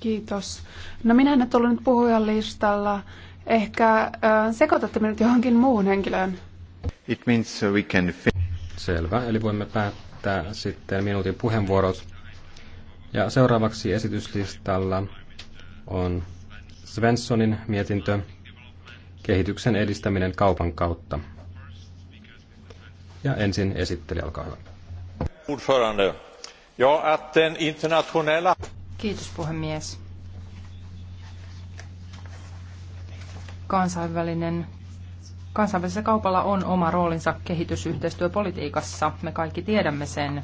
Kiitos. No minä en ole nyt puhujan listalla. Ehkä äh, sekoitatte minut johonkin muuhun henkilöön. It means uh, we can... Selvä, eli voimme päättää sitten minuutin puheenvuorot. Ja seuraavaksi esityslistalla on Svenssonin mietintö Kehityksen edistäminen kaupan kautta. Ja ensin esittelijä olkaa hyvä. Ordförande. Ja, att den internationella... Kiitos puhemies. Kansainvälinen Kansainvälisellä kaupalla on oma roolinsa kehitysyhteistyöpolitiikassa. Me kaikki tiedämme sen.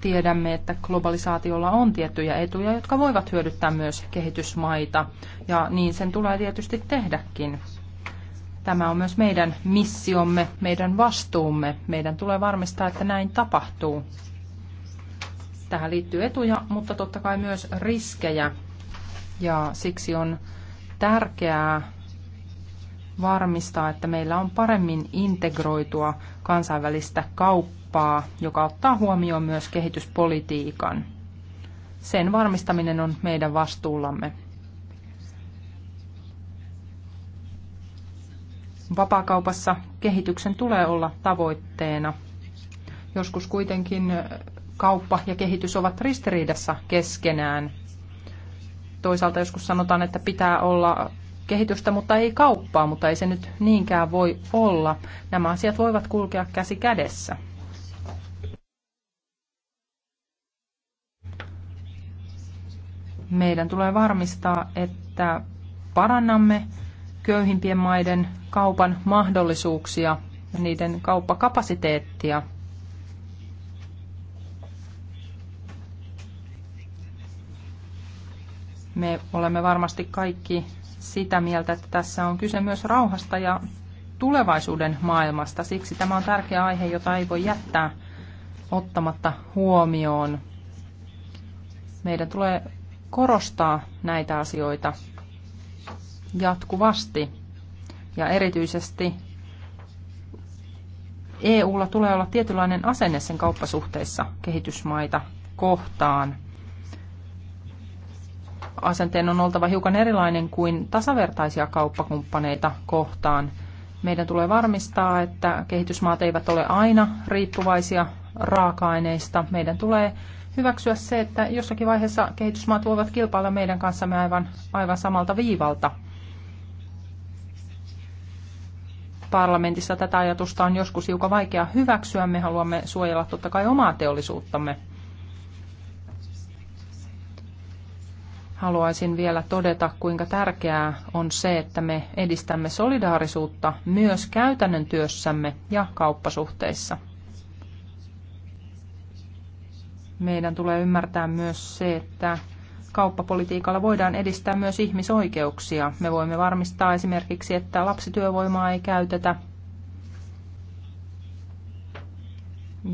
Tiedämme, että globalisaatiolla on tiettyjä etuja, jotka voivat hyödyttää myös kehitysmaita, ja niin sen tulee tietysti tehdäkin. Tämä on myös meidän missiomme, meidän vastuumme. Meidän tulee varmistaa, että näin tapahtuu. Tähän liittyy etuja, mutta totta kai myös riskejä. Ja siksi on tärkeää varmistaa, että meillä on paremmin integroitua kansainvälistä kauppaa, joka ottaa huomioon myös kehityspolitiikan. Sen varmistaminen on meidän vastuullamme. Vapaakaupassa kehityksen tulee olla tavoitteena. Joskus kuitenkin kauppa ja kehitys ovat ristiriidassa keskenään. Toisaalta joskus sanotaan, että pitää olla kehitystä, mutta ei kauppaa, mutta ei se nyt niinkään voi olla. Nämä asiat voivat kulkea käsi kädessä. Meidän tulee varmistaa, että parannamme köyhimpien maiden kaupan mahdollisuuksia ja niiden kauppakapasiteettia – Me olemme varmasti kaikki sitä mieltä, että tässä on kyse myös rauhasta ja tulevaisuuden maailmasta. Siksi tämä on tärkeä aihe, jota ei voi jättää ottamatta huomioon. Meidän tulee korostaa näitä asioita jatkuvasti. Ja erityisesti EUlla tulee olla tietynlainen asenne sen kauppasuhteissa kehitysmaita kohtaan asenteen on oltava hiukan erilainen kuin tasavertaisia kauppakumppaneita kohtaan. Meidän tulee varmistaa, että kehitysmaat eivät ole aina riippuvaisia raaka-aineista. Meidän tulee hyväksyä se, että jossakin vaiheessa kehitysmaat voivat kilpailla meidän kanssamme aivan, aivan samalta viivalta. Parlamentissa tätä ajatusta on joskus hiukan vaikea hyväksyä. Me haluamme suojella totta kai omaa teollisuuttamme – haluaisin vielä todeta, kuinka tärkeää on se, että me edistämme solidaarisuutta myös käytännön työssämme ja kauppasuhteissa. Meidän tulee ymmärtää myös se, että kauppapolitiikalla voidaan edistää myös ihmisoikeuksia. Me voimme varmistaa esimerkiksi, että lapsityövoimaa ei käytetä.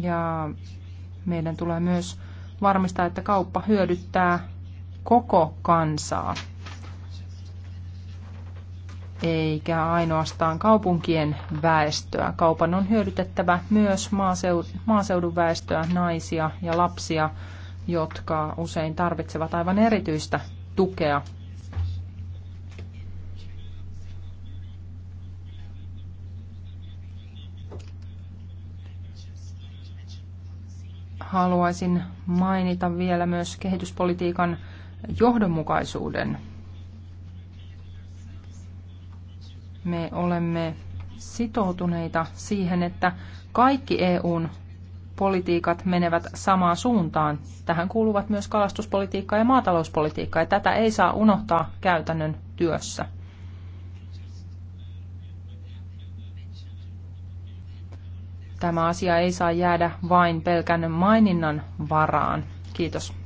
Ja meidän tulee myös varmistaa, että kauppa hyödyttää koko kansaa, eikä ainoastaan kaupunkien väestöä. Kaupan on hyödytettävä myös maaseudun väestöä, naisia ja lapsia, jotka usein tarvitsevat aivan erityistä tukea haluaisin mainita vielä myös kehityspolitiikan johdonmukaisuuden. Me olemme sitoutuneita siihen, että kaikki EUn politiikat menevät samaan suuntaan. Tähän kuuluvat myös kalastuspolitiikka ja maatalouspolitiikka, ja tätä ei saa unohtaa käytännön työssä. Tämä asia ei saa jäädä vain pelkän maininnan varaan. Kiitos.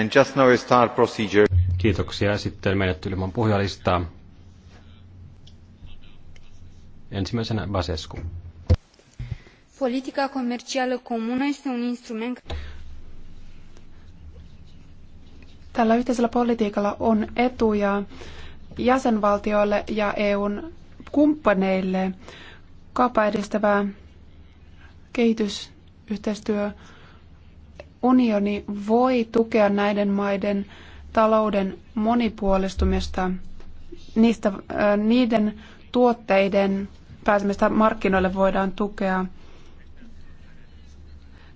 And just now start procedure. Kiitoksia. Sitten menet ilman puhujalistaa. Ensimmäisenä Basescu. Politica comercială comună este un instrument... Tällä yhteisellä politiikalla on etuja jäsenvaltioille ja EUn kumppaneille. kaupan edistävää kehitysyhteistyö unioni voi tukea näiden maiden talouden monipuolistumista, niistä, niiden tuotteiden pääsemistä markkinoille voidaan tukea.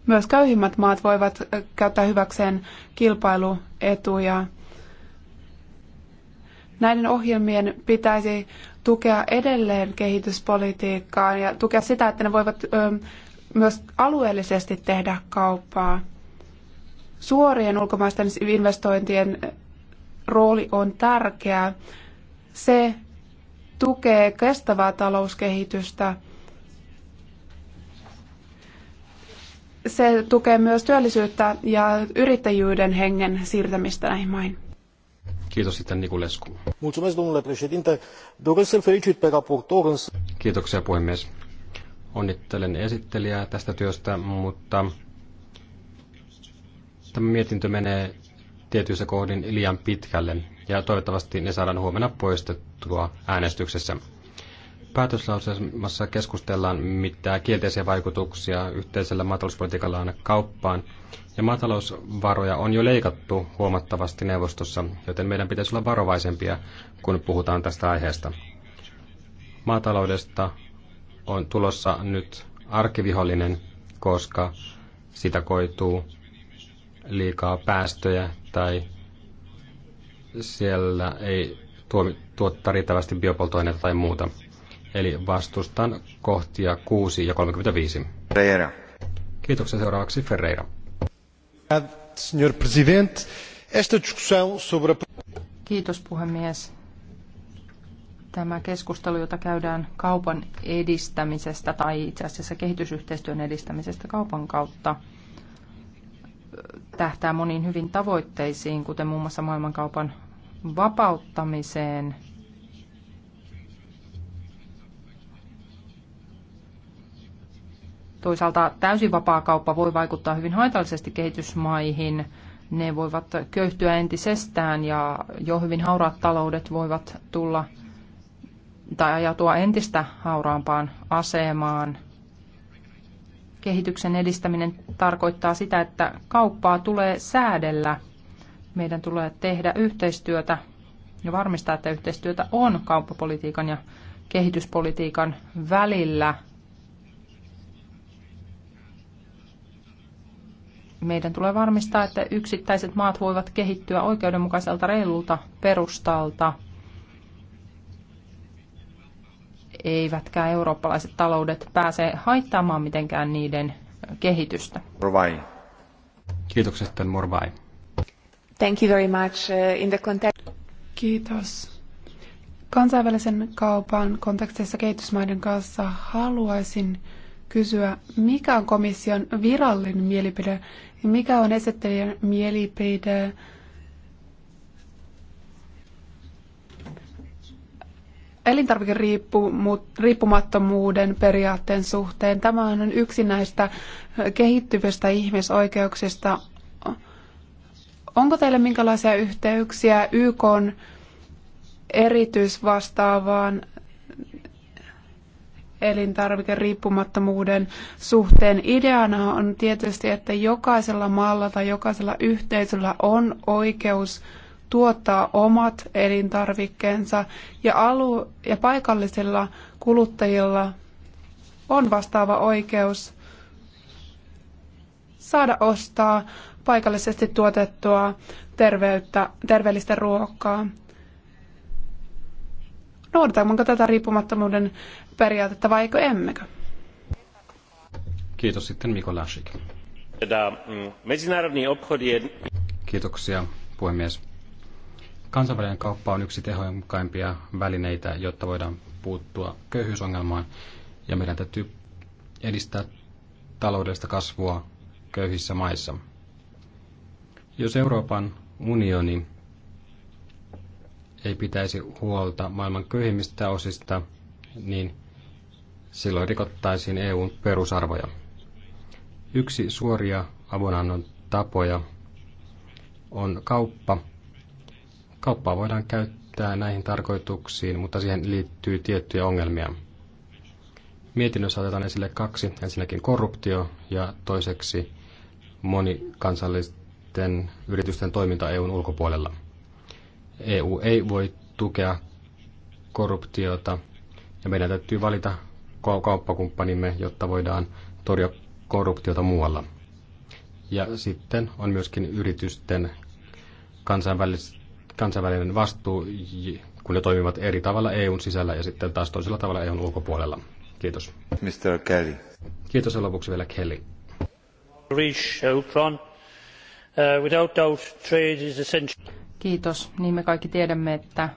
Myös köyhimmät maat voivat käyttää hyväkseen kilpailuetuja. Näiden ohjelmien pitäisi tukea edelleen kehityspolitiikkaa ja tukea sitä, että ne voivat myös alueellisesti tehdä kauppaa suorien ulkomaisten investointien rooli on tärkeä. Se tukee kestävää talouskehitystä. Se tukee myös työllisyyttä ja yrittäjyyden hengen siirtämistä näihin maihin. Kiitos sitten Nikulescu. Mulțumesc, domnule președinte. Doresc să-l felicit pe raportor. Kiitoksia, puhemies. Onnittelen esittelijää tästä työstä, mutta Tämä mietintö menee tietyissä kohdin liian pitkälle ja toivottavasti ne saadaan huomenna poistettua äänestyksessä. Päätöslauselmassa keskustellaan, mitä kielteisiä vaikutuksia yhteisellä maatalouspolitiikalla on kauppaan. Ja maatalousvaroja on jo leikattu huomattavasti neuvostossa, joten meidän pitäisi olla varovaisempia, kun puhutaan tästä aiheesta. Maataloudesta on tulossa nyt arkivihollinen, koska sitä koituu liikaa päästöjä tai siellä ei tuottaa riittävästi biopoltoaineita tai muuta. Eli vastustan kohtia 6 ja 35. Ferreira. Kiitoksia seuraavaksi Ferreira. Presidente, Kiitos puhemies. Tämä keskustelu, jota käydään kaupan edistämisestä tai itse asiassa kehitysyhteistyön edistämisestä kaupan kautta, tähtää moniin hyvin tavoitteisiin, kuten muun muassa maailmankaupan vapauttamiseen. Toisaalta täysin vapaa kauppa voi vaikuttaa hyvin haitallisesti kehitysmaihin. Ne voivat köyhtyä entisestään ja jo hyvin hauraat taloudet voivat tulla tai ajatua entistä hauraampaan asemaan – kehityksen edistäminen tarkoittaa sitä, että kauppaa tulee säädellä. Meidän tulee tehdä yhteistyötä ja varmistaa, että yhteistyötä on kauppapolitiikan ja kehityspolitiikan välillä. Meidän tulee varmistaa, että yksittäiset maat voivat kehittyä oikeudenmukaiselta reilulta perustalta – eivätkä eurooppalaiset taloudet pääse haittaamaan mitenkään niiden kehitystä. Morvai. Kiitokset, Morvai. Thank you very much. Uh, in the context... Kiitos. Kansainvälisen kaupan kontekstissa kehitysmaiden kanssa haluaisin kysyä, mikä on komission virallinen mielipide ja mikä on esittelijän mielipide elintarvikeriippumattomuuden periaatteen suhteen. Tämä on yksi näistä kehittyvistä ihmisoikeuksista. Onko teillä minkälaisia yhteyksiä YK erityisvastaavaan elintarvikeriippumattomuuden suhteen. Ideana on tietysti, että jokaisella maalla tai jokaisella yhteisöllä on oikeus tuottaa omat elintarvikkeensa ja alu- ja paikallisilla kuluttajilla on vastaava oikeus saada ostaa paikallisesti tuotettua terveyttä, terveellistä ruokaa. Noudatammeko tätä riippumattomuuden periaatetta vai eikö emmekö? Kiitos sitten Miko Lashik. Mm, Kiitoksia puhemies. Kansainvälinen kauppa on yksi tehokkaimpia välineitä, jotta voidaan puuttua köyhyysongelmaan ja meidän täytyy edistää taloudellista kasvua köyhissä maissa. Jos Euroopan unioni ei pitäisi huolta maailman köyhimmistä osista, niin silloin rikottaisiin EUn perusarvoja. Yksi suoria avunannon tapoja on kauppa, Kauppaa voidaan käyttää näihin tarkoituksiin, mutta siihen liittyy tiettyjä ongelmia. Mietinnössä otetaan esille kaksi, ensinnäkin korruptio ja toiseksi monikansallisten yritysten toiminta EUn ulkopuolella. EU ei voi tukea korruptiota ja meidän täytyy valita kauppakumppanimme, jotta voidaan torjua korruptiota muualla. Ja sitten on myöskin yritysten kansainvälistä kansainvälinen vastuu, kun ne toimivat eri tavalla EUn sisällä ja sitten taas toisella tavalla EUn ulkopuolella. Kiitos. Mr. Kelly. Kiitos ja lopuksi vielä Kelly. Uh, Kiitos. Niin me kaikki tiedämme, että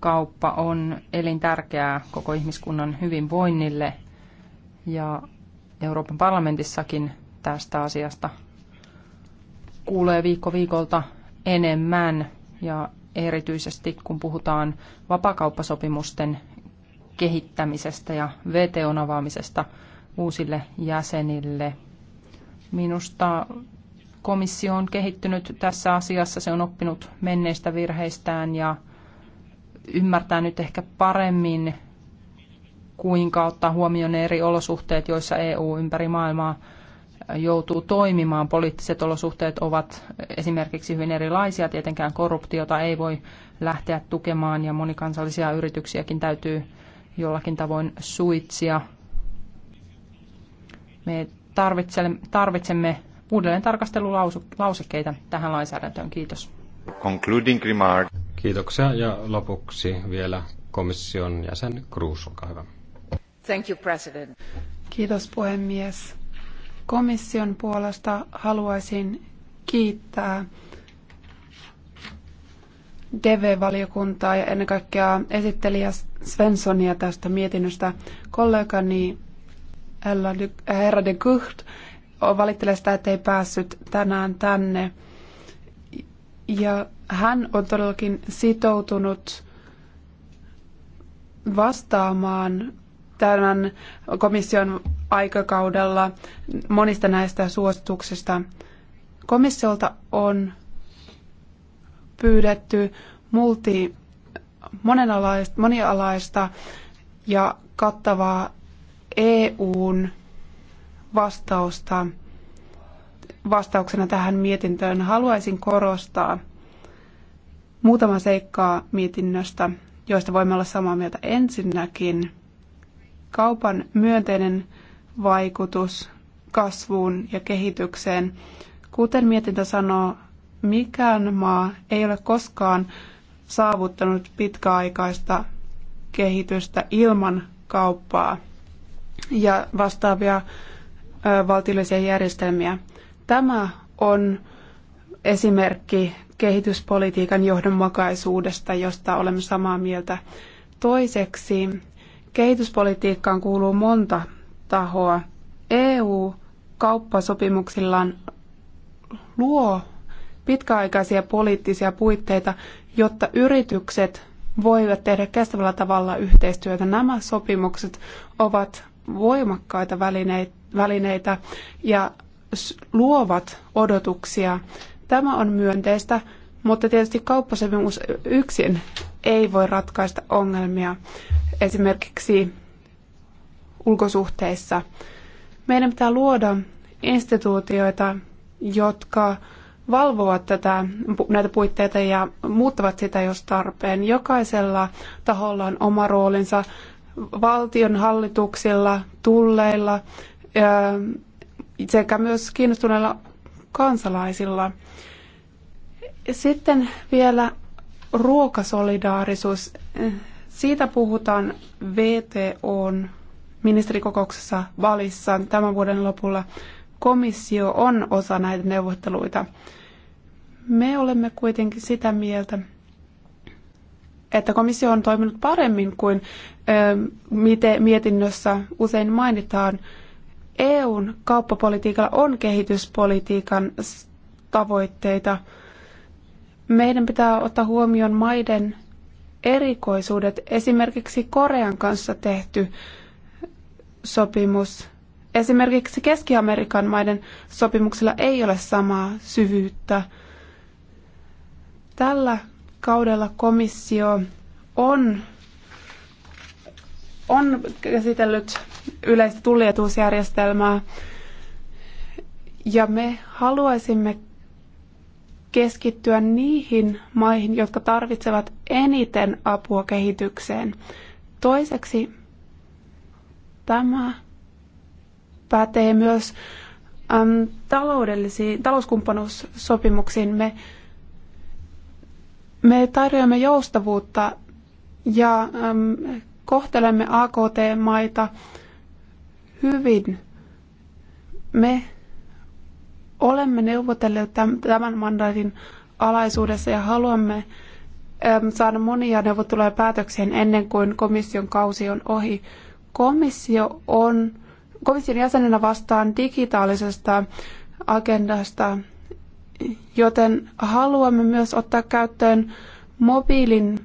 kauppa on elintärkeää koko ihmiskunnan hyvinvoinnille ja Euroopan parlamentissakin tästä asiasta kuulee viikko viikolta enemmän ja erityisesti kun puhutaan vapakauppasopimusten kehittämisestä ja VTOn avaamisesta uusille jäsenille. Minusta komissio on kehittynyt tässä asiassa, se on oppinut menneistä virheistään ja ymmärtää nyt ehkä paremmin, kuinka ottaa huomioon ne eri olosuhteet, joissa EU ympäri maailmaa joutuu toimimaan. Poliittiset olosuhteet ovat esimerkiksi hyvin erilaisia. Tietenkään korruptiota ei voi lähteä tukemaan ja monikansallisia yrityksiäkin täytyy jollakin tavoin suitsia. Me tarvitsemme, tarvitsemme uudelleen tarkastelulausekkeita tähän lainsäädäntöön. Kiitos. Concluding remark. Kiitoksia ja lopuksi vielä komission jäsen Kruus, olkaa hyvä. Thank you, President. Kiitos puhemies. Komission puolesta haluaisin kiittää DV-valiokuntaa ja ennen kaikkea esittelijä Svenssonia tästä mietinnöstä. Kollegani äh, herra de Gucht valittelee sitä, ettei päässyt tänään tänne. Ja hän on todellakin sitoutunut vastaamaan tämän komission aikakaudella monista näistä suosituksista. Komissiolta on pyydetty multi, monenalaista, monialaista ja kattavaa EUn vastausta vastauksena tähän mietintöön haluaisin korostaa muutama seikkaa mietinnöstä, joista voimme olla samaa mieltä. Ensinnäkin kaupan myönteinen vaikutus kasvuun ja kehitykseen. Kuten mietintä sanoo, mikään maa ei ole koskaan saavuttanut pitkäaikaista kehitystä ilman kauppaa ja vastaavia valtiollisia järjestelmiä. Tämä on esimerkki kehityspolitiikan johdonmukaisuudesta, josta olemme samaa mieltä. Toiseksi kehityspolitiikkaan kuuluu monta tahoa. EU kauppasopimuksillaan luo pitkäaikaisia poliittisia puitteita, jotta yritykset voivat tehdä kestävällä tavalla yhteistyötä. Nämä sopimukset ovat voimakkaita välineitä ja luovat odotuksia. Tämä on myönteistä, mutta tietysti kauppasopimus yksin ei voi ratkaista ongelmia. Esimerkiksi ulkosuhteissa. Meidän pitää luoda instituutioita, jotka valvovat tätä, näitä puitteita ja muuttavat sitä, jos tarpeen. Jokaisella taholla on oma roolinsa, valtion hallituksilla, tulleilla sekä myös kiinnostuneilla kansalaisilla. Sitten vielä ruokasolidaarisuus. Siitä puhutaan VTOn ministerikokouksessa Valissa tämän vuoden lopulla. Komissio on osa näitä neuvotteluita. Me olemme kuitenkin sitä mieltä, että komissio on toiminut paremmin kuin miten mietinnössä usein mainitaan. EUn kauppapolitiikalla on kehityspolitiikan tavoitteita. Meidän pitää ottaa huomioon maiden erikoisuudet. Esimerkiksi Korean kanssa tehty sopimus. Esimerkiksi Keski-Amerikan maiden sopimuksella ei ole samaa syvyyttä. Tällä kaudella komissio on, on käsitellyt yleistä tullietuusjärjestelmää ja me haluaisimme keskittyä niihin maihin, jotka tarvitsevat eniten apua kehitykseen. Toiseksi Tämä pätee myös äm, taloudellisiin, talouskumppanuussopimuksiin. Me, me tarjoamme joustavuutta ja äm, kohtelemme AKT-maita hyvin. Me olemme neuvotelleet tämän mandaatin alaisuudessa ja haluamme saada monia neuvotteluja päätökseen ennen kuin komission kausi on ohi. Komissio on komission jäsenenä vastaan digitaalisesta agendasta, joten haluamme myös ottaa käyttöön mobiilin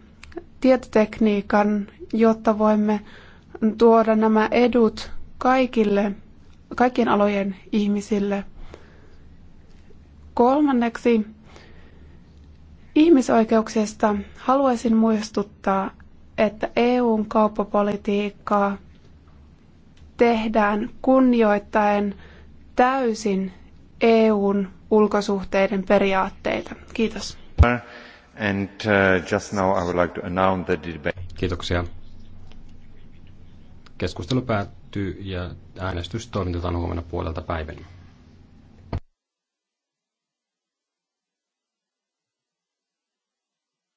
tietotekniikan, jotta voimme tuoda nämä edut kaikille, kaikkien alojen ihmisille. Kolmanneksi ihmisoikeuksista haluaisin muistuttaa, että EUn kauppapolitiikkaa – tehdään kunnioittaen täysin EUn ulkosuhteiden periaatteita. Kiitos. Uh, Kiitoksia. Keskustelu päättyy ja äänestys toimitetaan huomenna puolelta päivän.